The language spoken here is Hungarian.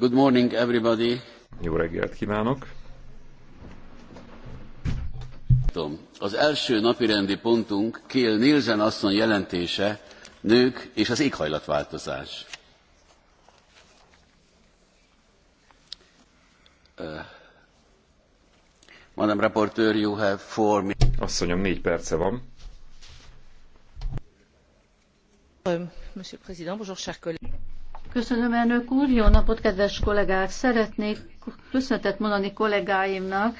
Good morning, everybody. Jó reggelt kívánok. Az első napirendi pontunk Kél Nielsen asszony jelentése Nők és az éghajlatváltozás. Uh, Madam reporter, you have four minutes. Asszonyom, négy perce van. Monsieur le Président, bonjour chers collègues. Köszönöm, elnök úr. Jó napot, kedves kollégák! Szeretnék köszönetet mondani kollégáimnak,